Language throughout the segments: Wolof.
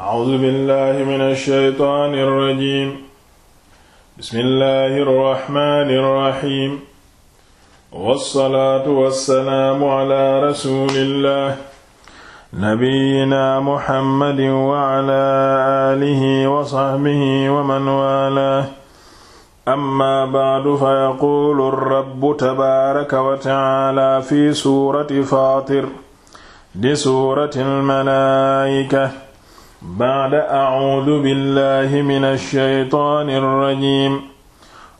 A'uuzu billaahi mina shaytaani rajiim. Bismillaahi rahmaani rahiim. Wassalaatu wassalaamu alaa rasuulillaahi nabiyyinaa Muhammadin wa alaa aalihi wa sahbihi wa man waalaahu. Ammaa ba'du fayaquulu rabbu tabaaraka wa ta'aalaa fi suurati Faatir di suurati al-malaa'ika. ba'da a'uudu billahi minash shaytaanir rajiim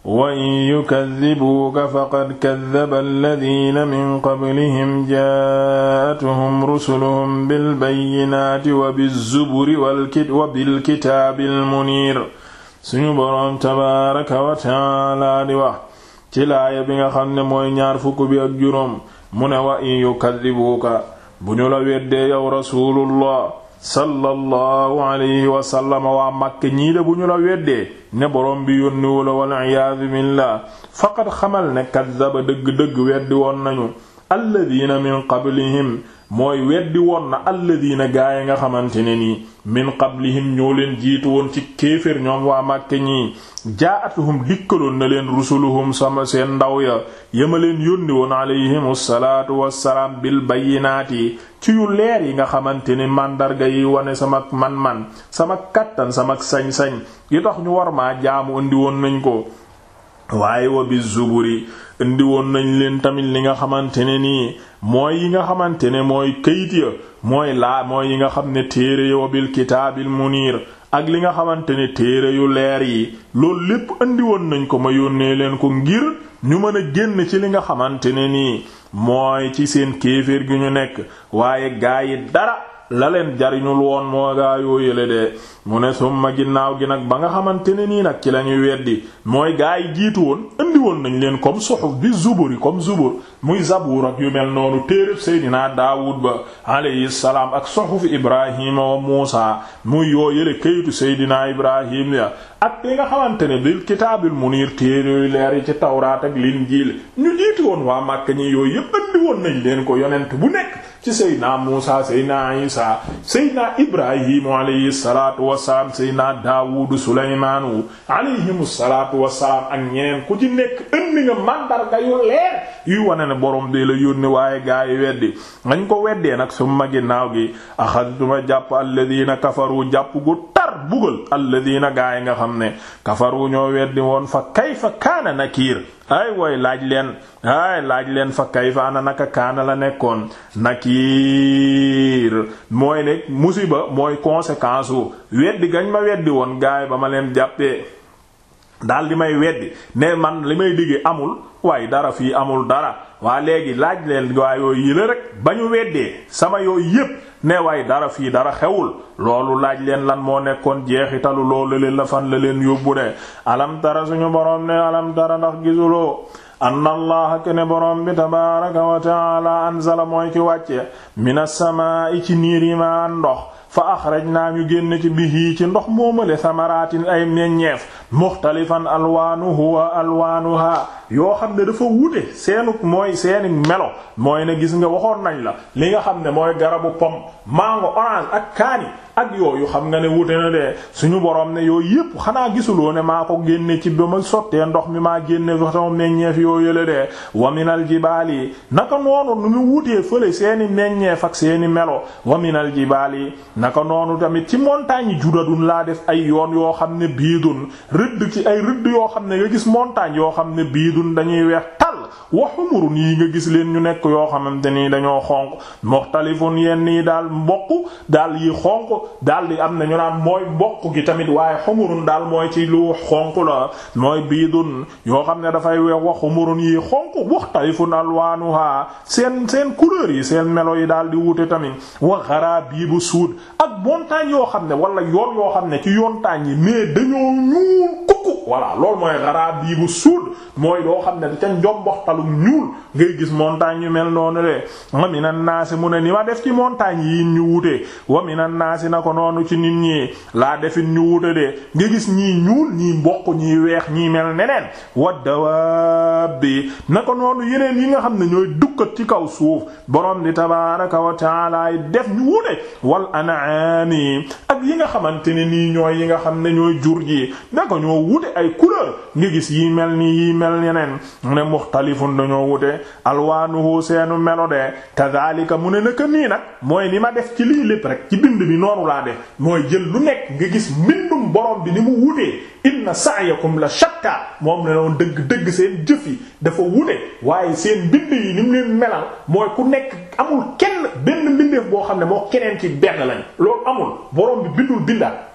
wa in yukaddibuuka faqad kaddaba alladhiina min qablihim jaa'atuhum rusuluhum bilbayyinaati wa bizzuburi wa bilkitaabil muniir suñu boroom tabaaraka wa ta'aala di wax ci laaya bi nga xam ne mooy ñaar fukk bi ak juróom mu ne wa in yukadibuuka bu ñu la weddee yow rasuulullah sallallahu alayhi wa sallam waa Makka ñii de bu ñu la weddee ne borom bi yónniwu la wal iyaadu billah faqad xamal ne kaddaba dëgg-dëgg weddi woon nañu alladina min qablihim mooy weddi woon na alladina gaay nga xamante ne nii min qablihim ñoo leen jiitu woon ci kéefér ñoom waa màkke ñii jaatuhum dikkaloon na leen rusuluhum sama seen ndaw ya yama leen yónni woon alayhim salaatu wassalaam bil bayyinaati ci yu leer yi nga xamante ne màndarga yi wane sama man-man sama kàttan sama sañ-sañ yi tax ñu war maa jaamu indi woon nañu ko waaye wa bi zuburi indiwoon woon nañ leen tamit li nga xamante ne nii mooy yi nga xamante ne mooy kayit ya mooy laa mooy yi nga xam ne téere ya wa bil kitaabil muniir ak li nga xamante ne téere yu leer yi loolu lépp indi woon nañ ko ma yónnee leen ko ngir ñu mën a génn ci li nga xamante ne nii mooy ci seen kéeféer gi ñu nekk waaye gaa yi dara la leen jariñul woon moo gaa yoo yële de mu ne summa ginnaaw gi nag ba nga xamante ne nii nag ci la ñuy weddi mooy gaa yi jiitu woon indi woon nañ leen comme suhuf bi zuburi comme zubur muy zabuur ak yu mel noonu téeréb seydinaa daawud ba alayhi salaam ak suhuf ibrahima wa muusa muy yoo yële kayitu seydinaa ibrahim ya ak li nga xamante ne bil kitaabil muniir téere leer yi ci tawraat ak linjiil ñu jiitu woon waa màkka ñi yooyu yépp indi woon nañ leen ko yonent bu nekk ci seydna Muusa seydna Isa seydna Ibrahimu alayhi salaatu wa wassalaam seydna Daawudu Suleymaanu alayhimu salaatu wassalaam ak ñeneen ku ci nekk ëndi nga màndarga yu leer yuy wane ne borom bi la yónni waaye gaa yi weddi ngañ ko weddee nag su summa ginnaaw gi axadtuma jàpp alladina kafaru jàpp gu bugal alladina gaa yi nga xam ne kafaru ñoo weddi woon fa kayfa kaana nakiir ay woy laaj leen ay laaj leen fa kayfa ana naka kaana la nekkoon nakiir mooy ne musiba mooy conséquence wu weddi gañ ma weddi woon gaay ba ma leen jàppee daal di may weddi ne man li may digge amul waaye dara fii amul dara waa léegi laaj leen waa yooyu yële rek ba ñu weddee sama yooyu yépp ne waaye dara fii dara xewul loolu laaj leen lan moo nekkoon jeexitalu loolu leen la fan la leen yóbbu de alam tara suñu boroom ne alam tara ndax gisuloo anna allaha kene boroom bi tabaaraka wa taala anzala mooy ki wàcce mina samaa'i ci niir yi ma ndox fa axrajnaa ñu génn ci bihi ci ndox moomale samaraatin ay meññeef muxtalifan alwaanuhu wa alwaanuha yoo xam ne dafa wute seenu mooy seeni melo mooy ne gis nga waxoon nañ la li nga xam ne mooy garabu pom mango orange ak kaani ak yooyu xam nga ne wute na de suñu borom ne yooyu yépp xanaa gisuloo ne maa ko génne ci ba ma sottee ndox mi maa génne sama meññeef yoo yële de waminal jibaal yi naka noonu nu mu wutee fële seeni meññeef ak seeni melo waminal jibaal yi naka noonu tamit ci montagne yi judadun laa def ay yoon yoo xam ne biidun rëdd ci ay rëdd yoo xam ne nga gis montagne yoo xam ne biidun dañuy weex wa humurun yi nga gis leen ñu nekk yoo xamante ni dañoo xonq muxtalifun yenn yi daal mboq daal yi xonq daal di am na ñu naan mooy mboq gi tamit waaye humurun daal mooy ci lu xonq la mooy biidun yoo xam ne dafay weex wa humurun yi xonq muxtalifun alwaanuha seen seen couleur yi seen melo yi daal di wute tamit wa bu suud ak montagne yoo xam ne wala yoon yoo xam ne ci yontaañ yi mais dañoo ñuul voilà loolu mooy xaraab yi bu suud mooy loo xam ne da ca njomboxtalu ñuul ngay gis montagne yu mel noonu de wa minan naasi mu ne ni ma def ci montagne yi ñu wute wa minan naasi na ko noonu ci nit ñi laa defit ñu wute de nga ñuul ñii mboq ñii weex ñii mel neneen wa dawaabbi noonu yeneen yi nga xam ne ñooy dukkat ci kaw suuf borom di tabaaraka wa taala def ñu wute wal anaami ak yi nga xamante ne nii ñooy yi nga xam ne ñooy jur ji na ko ñoo wute ay couleur nga gis yi mel nii yi mel yeneen mu ne muxtalifun dañoo wute alwaanuhu seenu melo de kadhalika mu ne naka nii nag mooy li ma def ci lii lépp rek ci bind bi noonu laa def mooy jël lu nekk nga gis mbindum borom bi ni mu wutee inna sa'yakum la shatta moom ne noon dëgg dëgg seen jëf yi dafa wute waaye seen mbind yi ni mu leen melal mooy ku nekk amul kenn benn mbindeef boo xam ne moo keneen ci benn lañ loolu amul borom bi bindul bindaat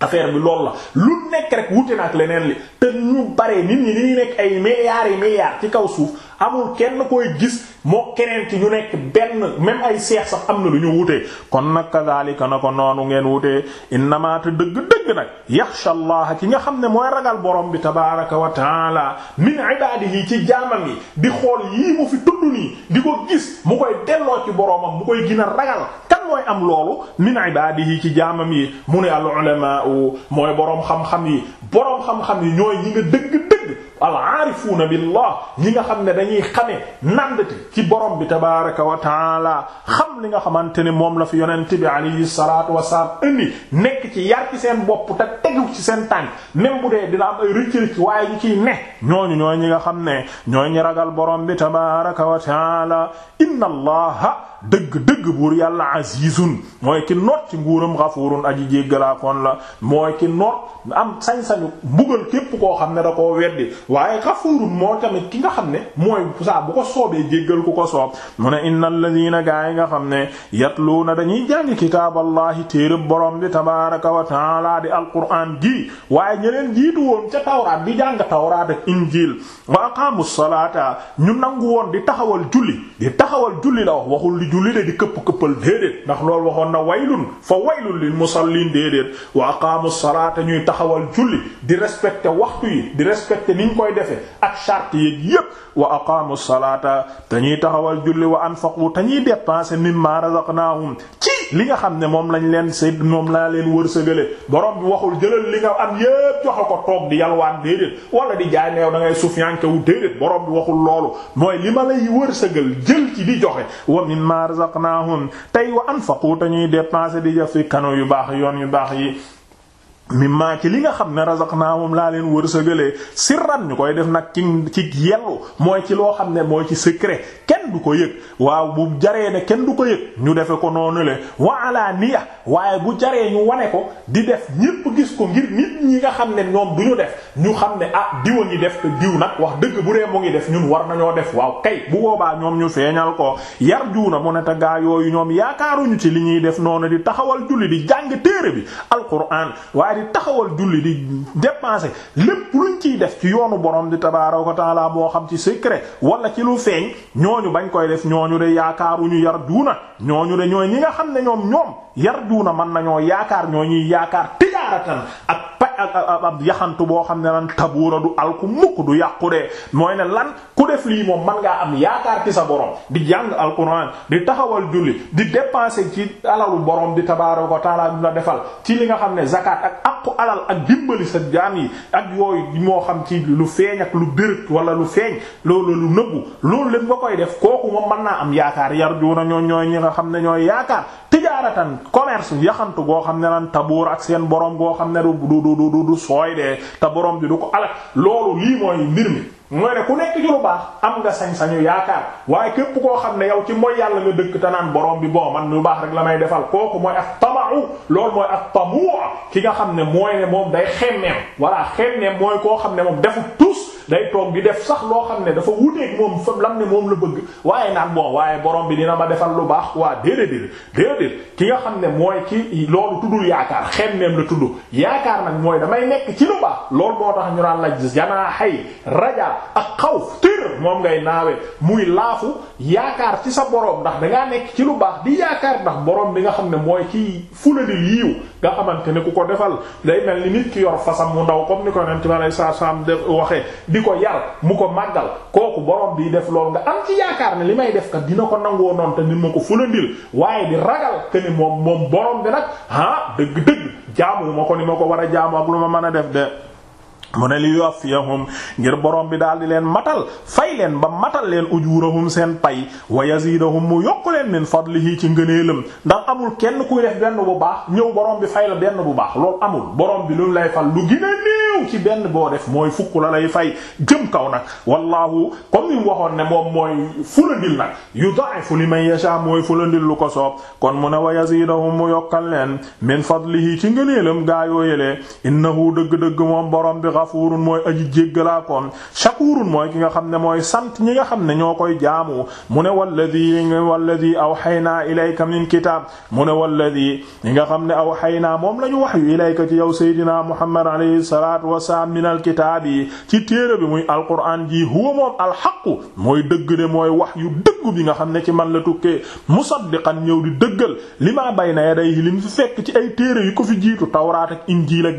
affaire bi loolu la lu nekk rek wute na ak leneen li te ñu bare nit ñi dañuy nekk ay milliards yi milliards ci kaw suuf amul kenn koy gis moo keneen ci ñu nekk benn même ay seex sax am na lu ñu wutee kon nag kadhalika na ko noonu ngeen wutee innamaata dëgg-dëgg nag yaxsha allah ci nga xam ne mooy ragal borom bi tabaraka wa taala min ibadihi ci jaamam yi di xool yii mu fi tudd nii di ko gis mu koy delloo ci boromam mu koy gën ragal mooy am loolu min ibaadihi ci jaamam yi mu ne al ulama mooy boroom xam-xam yi boroom xam-xam yi ñooy ñi nga dëgg al aarifuuna billah ñi nga xam ne dañuy xamee nandati ci borom bi tabaraka wa taala xam li nga xamante ne moom la fi yonent bi alayhi salatu wasalaam indi nekk ci yar ci seen bopp te tegu seen tànk même bu dee dina am ay rëcc waaye ñu ciy ne ñooñu ñooy ñi nga xam ne ñooy ñi ragal borom bi tabaraka wa taala inna allaha dëgg-dëgg buur yàlla azizun mooy ki noot ci nguuram ghafurun aji jéggalaakoon la mooy ki noot am sañ-sañu mbugal képp koo xam ne da koo weddi waaye xafuurum moo tamit ki nga xam ne mooy saa bu ko soobee jéggal ku ko soob mu ne innal ladina gaa yi nga xam ne na dañuy jàng kitaaballahi téereb borom bi tabaraka wa taala di alquran gi waaye ña jiitu woon ca tawraat di jàng tawraat ak injil wa aqaamu salaata ñu nangu woon di taxawal julli di taxawal julli la waxul di julli de di këpp-këppal déedéet ndax loolu waxoon na waylun fa waylun lil musallin déedéet wa aqaamu salaata ñuy taxawal julli di respecté waxtu yi di respecté niñ koy defee ak charte yeeg yëpp wa aqaamu salaata te ñuy taxawal julli wa anfaqu te ñuy dépenser mimma razaqnaahum ci li nga xam ne moom lañ leen sedd moom laa leen wërsëgale borom bi waxul jëlal li nga am yépp joxe ko toog di yalwaan déedéet wala di jaay neew da ngay sufiyanke wu déedéet borom bi waxul loolu mooy li ma lay wërsëgal jël ci di joxe wa mimma razaqnaahum tey wa anfaqu te ñuy dépenser di jëf fi kanu yu baax yoon yu baax yi mimma ci li nga xam ne razaqnaa moom laa leen wërsëgalee sirran ñu koy def nag ci ci yellu mooy ci loo xam ne mooy ci secret kenn du ko yëg waaw bu jaree ne kenn du ko yëg ñu defe ko noonu le wa ala niya waaye bu jaree ñu wane ko di def gis ko ngir ñi nga xam ne ñoom du ñu def ñu xam ne ah diwa ngi def te diw nag wax dëgg bu dee mu ngi def ñun war nañoo def waaw kay bu boobaa ñoom ñu feeñal ko yar juuna mu ne te gaa yooyu ñoom yaakaaruñu ci li ñuy def noonu di taxawal julli di jàng téere bi alquran waaye di taxawal julli di dépenser lépp luñ ciy def ci yoonu borom di tabaaraka wa taala boo xam ci secret wala ci lu feeñ ñooñu bañ koy def ñooñu de yaakaaruñu yar duuna ñooñu de ñooy ñi nga xam ne ñoom ñoom yar duuna mën nañoo yaakaar ñoo ñuy yaakaar tijaaratan ak ak ab yaxantu boo xam ne lan tabuura du alku mukk du yàqu de mooy ne lan ku def lii moom man ngaa am yaakaar ci sa borom di jàng alquran di taxawal julli di dépenser ci alalu borom di tabaaraka wa taala du la defal ci li nga xam ne zakat ak aqu alal ak dimbali sa jaan yi ak yooyu moo xam ci lu feeñ ak lu bërët wala lu feeñ loolu lu nëbbu loolu lépp nga koy def kooku moom mën naa am yaakaar yarjuuna ñoo ñooy ñi nga xam ne ñooy yaakaar tijaaratan commerce yaxantu ne lan tabuur ak xam ne du du du sooy de te boroom bi du ko alal loolu lii mooy mbir mi mooy ne ku nekk ci lu baax am nga sañ-sañu yaakaar waaye képp koo xam ne yow ci mooy yàlla nga dëkk te naan borom bi boo man lu baax rek la may defal kooku mooy ak tamau lool mooy ak tamu ki nga xam ne mooy ne moom day xemmeem walla xemmeem mooy koo xam ne moom defu day toog di def sax loo xam ne dafa wuteeg moom fa lam ne moom la bëgg waaye naan bon waaye boroom bi dina ma defal lu baax waa déedéet déedéet ki nga xam ne mooy ki loolu tuddul yaakaar xemmeem la tudd yaakaar nag mooy damay nekk ci lu baax loolu moo tax ñu naan la janaa xay raja ak xawf tir moom ngay naawe muy laafu yaakaar ci sa borom ndax dangaa nekk ci lu baax di yaakaar ndax borom bi nga xam ne mooy ki fuladil yiiw nga xamante ne ku ko defal day mel ni nit ki yor fasam mu ndaw comme ni ko neen ci ma lay saa saam de waxee di ko yar mu ko màggal kooku borom bi def loolu nga am ci yaakaar ne li may def kat dina ko nangoo noonu te nit ma ko fulandil waaye di ragal que ni moom moom borom bi nag ah dëgg-dëgg jaamu ko ni ma ko war a jaamu ak lu ma mën a def de. mu ne li yuwaffiyahum ngir borom bi daal di leen matal fay leen ba matal leen ujurahum seen pay wa yazidahum mu yokk leen min fadlihi ci ngëneelam ndax amul kenn kuy def benn bu baax ñëw borom bi fay la benn bu baax amul borom bi lu lay fal lu ci benn boo def mooy fukk la lay fay kaw nag wallahu comme ni mu waxoon ne moom mooy fulandil lu ko soob kon mu ne wa yazidahum mu yokkal leen min fadlihi ci ngëneelam gaa dëgg-dëgg moom borom bi ghafuurun mooy aji jéggalaakoon shakuurun mooy ki nga xam ne mooy sant ñi nga xam ne ñoo koy jaamu mu ne di walladhi walladhi awhaynaa ilayka min kitaab mu ne walladhi ñi nga xam ne aw awhaynaa moom la ñu wax yu ilayka ci yow Seydina Muhammad alayhi salaatu wasalaam min alkitaab yi ci téere bi muy alquraan ji huwa moom alxaqu mooy dëgg de mooy wax yu dëggu bi nga xam ne ci man la tukkee musaddiqan ñëw di dëggal li ma maa bayna yadayhi lim fi fekk ci ay téere yu ko fi jiitu tawraat ak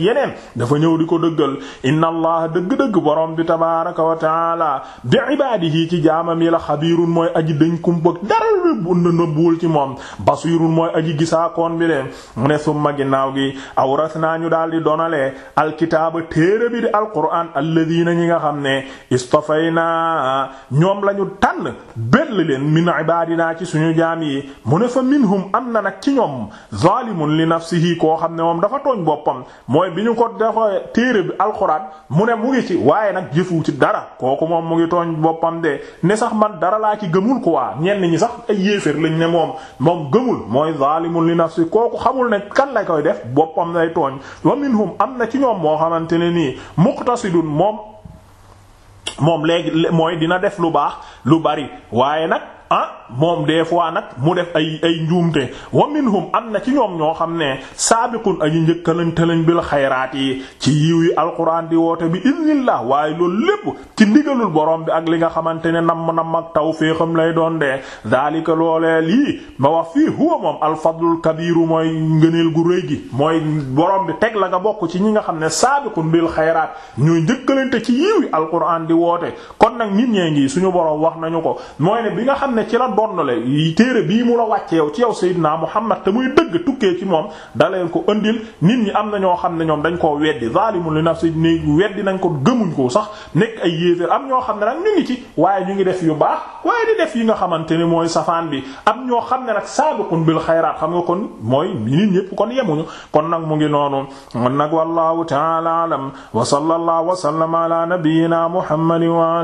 yeneen dafa ñëw di ko dëggal inna allaha dëgg-dëgg borom bi tabaraka wa taala bi ci jaamam yi la xabiirun mooy aji dañ bu dara nëbbuwul ci moom basiirun mooy aji gisaakoon bi de mu ne summa ginnaaw gi awras naa ñu daal di donalee alkitaaba téere bi di alquran alladina ñi nga xam ne istafayna ñoom lañu tànn bétl leen min ibadina ci suñu jaam yi mu ne fa minhum am na nag ci ñoom zalimun li nafsihi koo xam ne moom dafa tooñ boppam mooy bi ñu ko dafa mu ne mu ngi ci waaye nag jëfu ci dara kooku moom mu ngi tooñ boppam de ne sax man dara laa ci gëmul quoi ñenn ñi sax ay yéeféer lañ ne moom moom gëmul mooy zaalimun li si kooku xamul ne kan la koy def boppam lay tooñ wa minhum am na ci ñoom moo xamante ne nii muqtasidun moom moom léegi mooy dina def lu baax lu bari waaye nag ah moom des fois nag mu def ay ay njuumte wa minhum am na ci ñoom ñoo xam ne saabiqun aji njëkkalante lañ bil xayraat yi ci yiw yi alquran di woote bi idnillah waaye loolu lépp ci ndigalul borom bi ak li nga xamante ne nam nam ak tawfiixam lay doon dee daalika loolee lii ma wax fii huwa moom alfadlul kabiru mooy ngëneel gu rëy gi mooy borom bi teg la nga bokk ci ñi nga xam ne saabiqun bil xayraat ñooy njëkkalante ci yiw yi alquran di woote kon nag nit ngi suñu borom wax nañu ko ne ci la donnale yi téere bii mu la wàcce yow ci yow Seydina Muhammad te muy dëgg tukkee ci moom daleen ko indil nit ñi am na ñoo xam ne ñoom dañ koo weddi zaalimun li nafsi ni weddi nañ ko gëmuñ ko sax nekk ay yéeféer am ñoo xam ne nag ñu ngi ci ngi def yu baax waaye yi nga xamante ni mooy safaan bi am ñoo xam ne nag saabiqun bil xayraat xam nga kon mooy nit ñépp kon yemuñu kon nag mu ngi noonu kon nag wallahu ta'ala alam wa sallallahu wa sallama ala nabiyyina Muhammadin wa